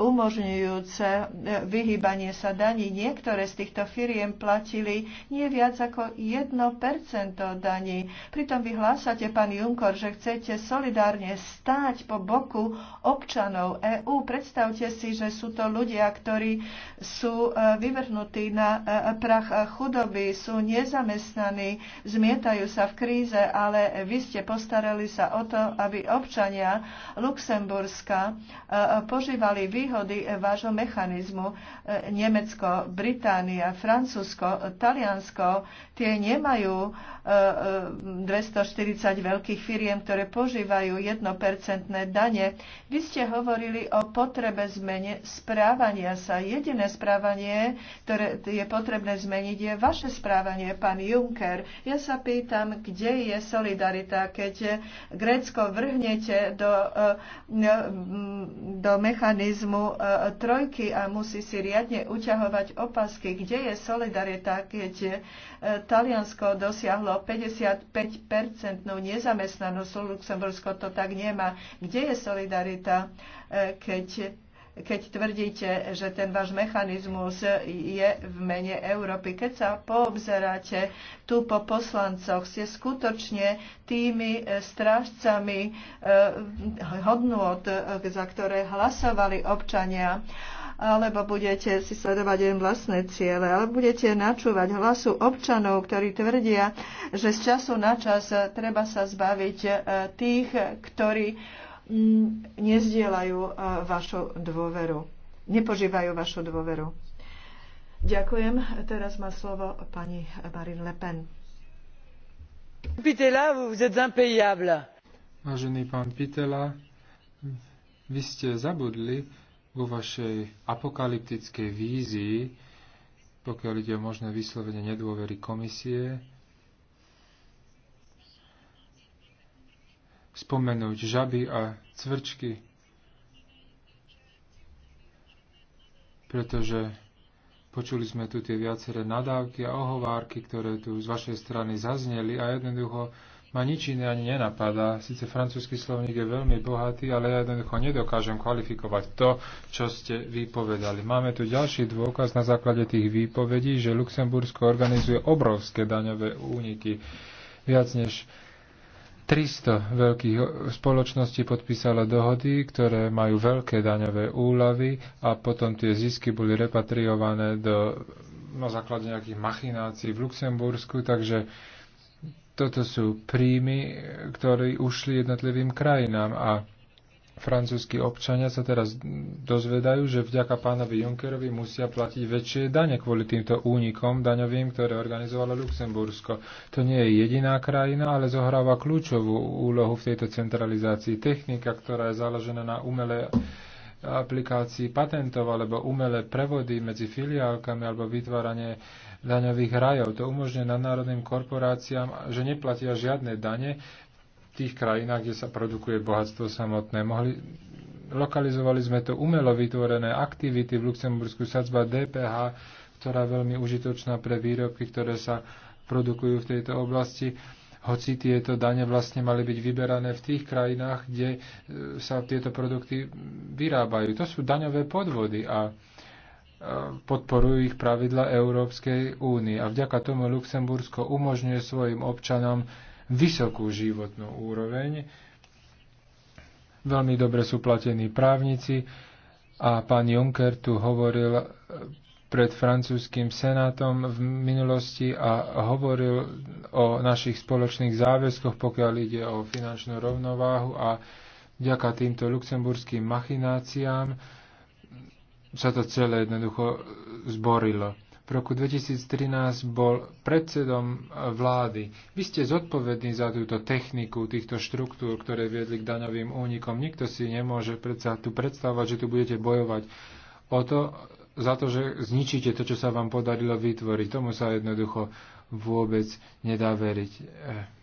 umožňujúce e, vyhýbanie sa daní. Niektoré z týchto firiem platili nie viac ako 1% daní. Pritom vy hlásate, pán Juncker, že chcete solidárne stáť po boku občanov EÚ. Predstavte si, že sú to ľudia, ktorí sú e, vyvrhnutí na prach chudoby, sú nezamestnaní, zmietajú sa v kríze, ale vy ste postarali sa o to, aby aby občania Luxemburska e, požívali výhody e, vášho mechanizmu. E, Nemecko, Británia, Francúzsko, Taliansko, tie nemajú 240 veľkých firiem, ktoré požívajú 1% dane. Vy ste hovorili o potrebe zmene správania sa. Jediné správanie, ktoré je potrebné zmeniť, je vaše správanie, pán Juncker. Ja sa pýtam, kde je solidarita, keď Grécko vrhne vrhnete do, eh, no, mm, do mechanizmu eh, trojky a musí si riadne uťahovať opasky. Kde je solidarita, keď eh, Taliansko dosiahlo 55 nezamestnanosť, Luxembursko to tak nemá. Kde je solidarita, keď keď tvrdíte, že ten váš mechanizmus je v mene Európy. Keď sa poobzeráte tu po poslancoch, ste skutočne tými e, strážcami e, hodnôt, e, za ktoré hlasovali občania alebo budete si sledovať len vlastné ciele, ale budete načúvať hlasu občanov, ktorí tvrdia, že z času na čas treba sa zbaviť tých, ktorí Mm, nezdielajú vašu dôveru, nepožívajú vašu dôveru. Ďakujem. Teraz má slovo pani Marine Le Pen. Pitela, vous êtes impayable. Vážený pán Pitela, vy ste zabudli vo vašej apokalyptickej vízii, pokiaľ ide o možné vyslovenie nedôvery komisie, spomenúť žaby a cvrčky, pretože počuli sme tu tie viaceré nadávky a ohovárky, ktoré tu z vašej strany zazneli a jednoducho ma nič iné ani nenapadá. Sice francúzsky slovník je veľmi bohatý, ale ja jednoducho nedokážem kvalifikovať to, čo ste vypovedali. Máme tu ďalší dôkaz na základe tých výpovedí, že Luxembursko organizuje obrovské daňové úniky. Viac než 300 veľkých spoločností podpísalo dohody, ktoré majú veľké daňové úľavy a potom tie zisky boli repatriované do, na základe nejakých machinácií v Luxembursku, takže toto sú príjmy, ktoré ušli jednotlivým krajinám a francúzskí občania sa teraz dozvedajú, že vďaka pánovi Junckerovi musia platiť väčšie dane kvôli týmto únikom daňovým, ktoré organizovalo Luxembursko. To nie je jediná krajina, ale zohráva kľúčovú úlohu v tejto centralizácii. Technika, ktorá je založená na umelé aplikácii patentov alebo umelé prevody medzi filiálkami alebo vytváranie daňových rajov. To umožňuje nadnárodným korporáciám, že neplatia žiadne dane tých krajinách, kde sa produkuje bohatstvo samotné. Mohli, lokalizovali sme to umelo vytvorené aktivity v Luxembursku, sadzba DPH, ktorá je veľmi užitočná pre výrobky, ktoré sa produkujú v tejto oblasti hoci tieto dane vlastne mali byť vyberané v tých krajinách, kde e, sa tieto produkty vyrábajú. To sú daňové podvody a e, podporujú ich pravidla Európskej únie. A vďaka tomu Luxembursko umožňuje svojim občanom vysokú životnú úroveň. Veľmi dobre sú platení právnici a pán Juncker tu hovoril eh, pred francúzským senátom v minulosti a hovoril o našich spoločných záväzkoch, pokiaľ ide o finančnú rovnováhu a vďaka týmto luxemburským machináciám sa to celé jednoducho zborilo v roku 2013 bol predsedom eh, vlády. Vy ste zodpovední za túto techniku týchto štruktúr, ktoré viedli k daňovým únikom. Nikto si nemôže predsa tu predstavovať, že tu budete bojovať o to, za to, že zničíte to, čo sa vám podarilo vytvoriť. Tomu sa jednoducho vôbec nedá veriť. Eh,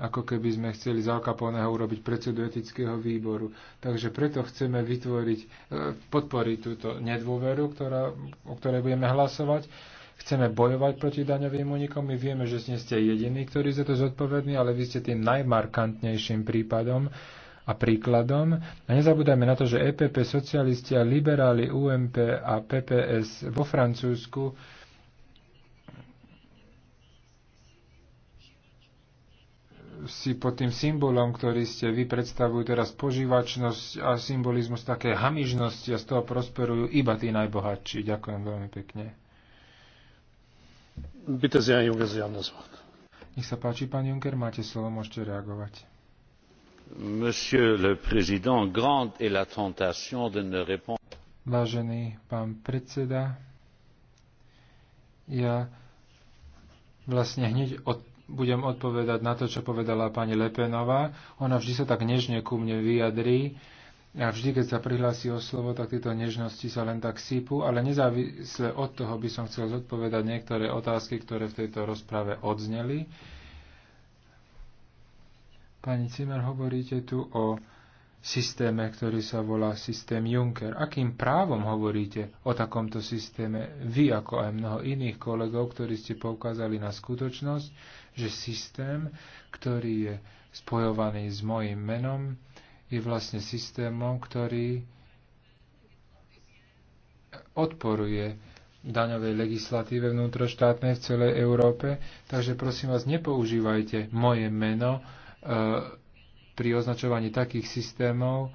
ako keby sme chceli z urobiť predsedu etického výboru. Takže preto chceme vytvoriť, e, podporiť túto nedôveru, ktorá, o ktorej budeme hlasovať. Chceme bojovať proti daňovým únikom. My vieme, že nie ste jediní, ktorí za to zodpovední, ale vy ste tým najmarkantnejším prípadom a príkladom. A nezabúdajme na to, že EPP, socialisti a liberáli UMP a PPS vo Francúzsku si pod tým symbolom, ktorý ste vy predstavujú teraz požívačnosť a symbolizmus také hamižnosti a z toho prosperujú iba tí najbohatší. Ďakujem veľmi pekne. Bitte sehr, Junge, Sie haben das Wort. Nech sa páči, pán Juncker, máte slovo, môžete reagovať. Monsieur le président, grande est la tentation de ne répondre. Vážený pán predseda, ja vlastne hneď od budem odpovedať na to, čo povedala pani Lepenová. Ona vždy sa tak nežne ku mne vyjadrí. A vždy, keď sa prihlási o slovo, tak tieto nežnosti sa len tak sípu, ale nezávisle od toho by som chcel zodpovedať niektoré otázky, ktoré v tejto rozprave odzneli. Pani Cimer, hovoríte tu o systéme, ktorý sa volá systém Juncker. Akým právom hovoríte o takomto systéme vy, ako aj mnoho iných kolegov, ktorí ste poukázali na skutočnosť, že systém, ktorý je spojovaný s mojim menom, je vlastne systémom, ktorý odporuje daňovej legislatíve vnútroštátnej v celej Európe. Takže prosím vás, nepoužívajte moje meno e, pri označovaní takých systémov,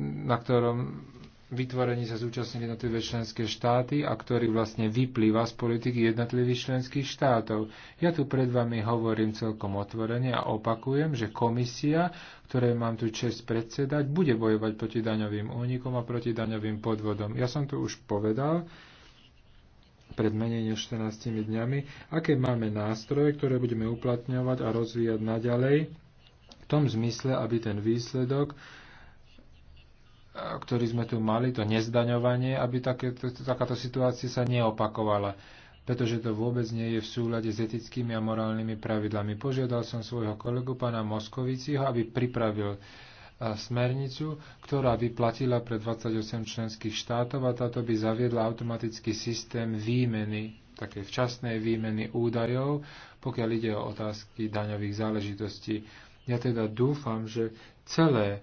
na ktorom vytvorení sa zúčastnili jednotlivé členské štáty a ktorý vlastne vyplýva z politiky jednotlivých členských štátov. Ja tu pred vami hovorím celkom otvorene a opakujem, že komisia, ktoré mám tu čest predsedať, bude bojovať proti daňovým únikom a proti daňovým podvodom. Ja som to už povedal pred menej než 14 dňami, aké máme nástroje, ktoré budeme uplatňovať a rozvíjať naďalej v tom zmysle, aby ten výsledok, ktorý sme tu mali, to nezdaňovanie, aby takéto, takáto situácia sa neopakovala pretože to vôbec nie je v súlade s etickými a morálnymi pravidlami. Požiadal som svojho kolegu pána Moskoviciho, aby pripravil smernicu, ktorá by platila pre 28 členských štátov a táto by zaviedla automatický systém výmeny, také včasnej výmeny údajov, pokiaľ ide o otázky daňových záležitostí. Ja teda dúfam, že celé,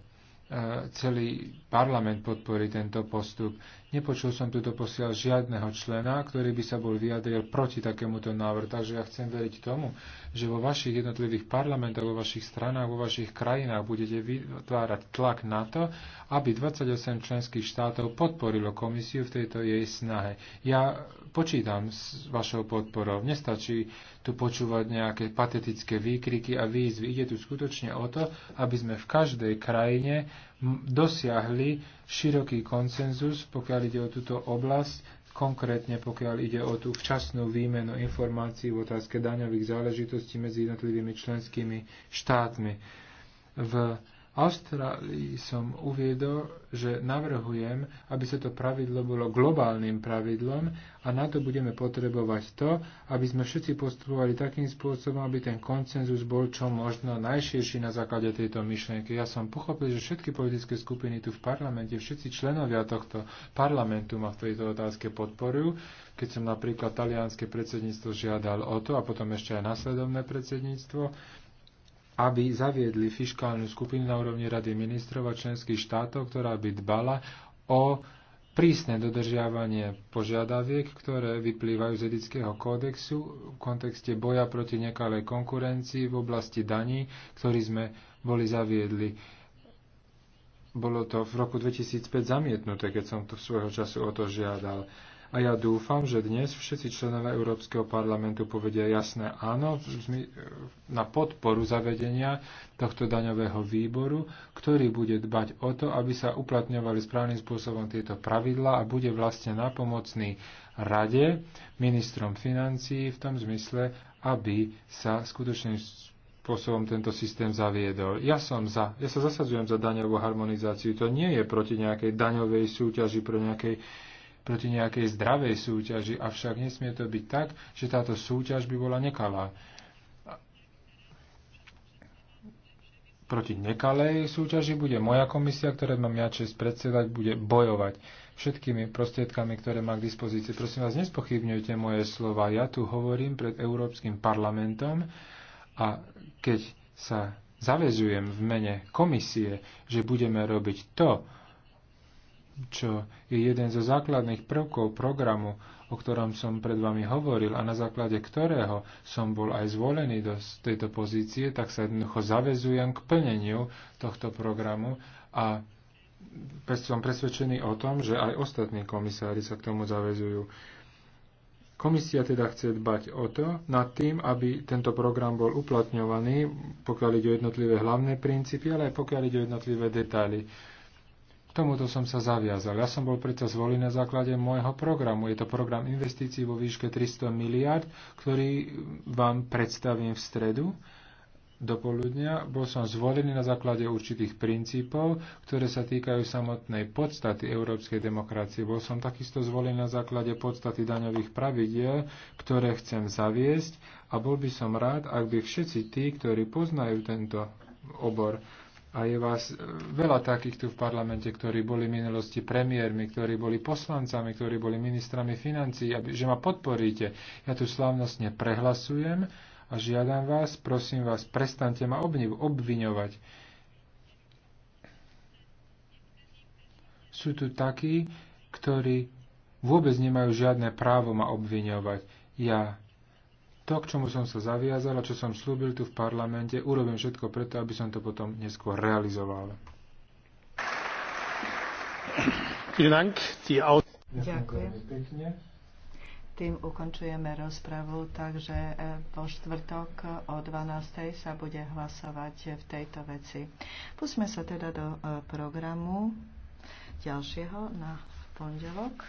eh, celý parlament podporí tento postup. Nepočul som tuto posiaľ žiadneho člena, ktorý by sa bol vyjadril proti takémuto návrhu. Takže ja chcem veriť tomu, že vo vašich jednotlivých parlamentoch, vo vašich stranách, vo vašich krajinách budete vytvárať tlak na to, aby 28 členských štátov podporilo komisiu v tejto jej snahe. Ja počítam s vašou podporou. Nestačí tu počúvať nejaké patetické výkriky a výzvy. Ide tu skutočne o to, aby sme v každej krajine dosiahli široký konsenzus, pokiaľ ide o túto oblasť, konkrétne pokiaľ ide o tú včasnú výmenu informácií v otázke daňových záležitostí medzi jednotlivými členskými štátmi. V Austrálii som uviedol, že navrhujem, aby sa to pravidlo bolo globálnym pravidlom a na to budeme potrebovať to, aby sme všetci postupovali takým spôsobom, aby ten koncenzus bol čo možno najširší na základe tejto myšlienky. Ja som pochopil, že všetky politické skupiny tu v parlamente, všetci členovia tohto parlamentu ma v tejto otázke podporujú. Keď som napríklad talianské predsedníctvo žiadal o to a potom ešte aj nasledovné predsedníctvo, aby zaviedli fiškálnu skupinu na úrovni Rady ministrov a členských štátov, ktorá by dbala o prísne dodržiavanie požiadaviek, ktoré vyplývajú z etického kódexu v kontexte boja proti nekalej konkurencii v oblasti daní, ktorý sme boli zaviedli. Bolo to v roku 2005 zamietnuté, keď som to svojho času o to žiadal. A ja dúfam, že dnes všetci členové Európskeho parlamentu povedia jasné áno na podporu zavedenia tohto daňového výboru, ktorý bude dbať o to, aby sa uplatňovali správnym spôsobom tieto pravidlá a bude vlastne napomocný rade ministrom financií v tom zmysle, aby sa skutočným spôsobom tento systém zaviedol. Ja, som za, ja sa zasadzujem za daňovú harmonizáciu. To nie je proti nejakej daňovej súťaži, pro nejakej proti nejakej zdravej súťaži, avšak nesmie to byť tak, že táto súťaž by bola nekalá. Proti nekalej súťaži bude moja komisia, ktoré mám ja čest predsedať, bude bojovať všetkými prostriedkami, ktoré má k dispozícii. Prosím vás, nespochybňujte moje slova. Ja tu hovorím pred Európskym parlamentom a keď sa zavezujem v mene komisie, že budeme robiť to, čo je jeden zo základných prvkov programu, o ktorom som pred vami hovoril a na základe ktorého som bol aj zvolený do tejto pozície, tak sa jednoducho zavezujem k plneniu tohto programu a som presvedčený o tom, že aj ostatní komisári sa k tomu zavezujú. Komisia teda chce dbať o to, nad tým, aby tento program bol uplatňovaný, pokiaľ ide o jednotlivé hlavné princípy, ale aj pokiaľ ide o jednotlivé detaily. Tomuto som sa zaviazal. Ja som bol predsa zvolený na základe môjho programu. Je to program investícií vo výške 300 miliard, ktorý vám predstavím v stredu do poludnia. Bol som zvolený na základe určitých princípov, ktoré sa týkajú samotnej podstaty európskej demokracie. Bol som takisto zvolený na základe podstaty daňových pravidiel, ktoré chcem zaviesť a bol by som rád, ak by všetci tí, ktorí poznajú tento obor, a je vás e, veľa takých tu v parlamente, ktorí boli v minulosti premiérmi, ktorí boli poslancami, ktorí boli ministrami financií, aby, že ma podporíte. Ja tu slávnostne prehlasujem a žiadam vás, prosím vás, prestante ma obniv, obviňovať. Sú tu takí, ktorí vôbec nemajú žiadne právo ma obviňovať. Ja to, k čomu som sa zaviazal a čo som slúbil tu v parlamente, urobím všetko preto, aby som to potom neskôr realizoval. Ďakujem. Tým ukončujeme rozpravu, takže po e, štvrtok o 12.00 sa bude hlasovať v tejto veci. Pusme sa teda do e, programu ďalšieho na pondelok.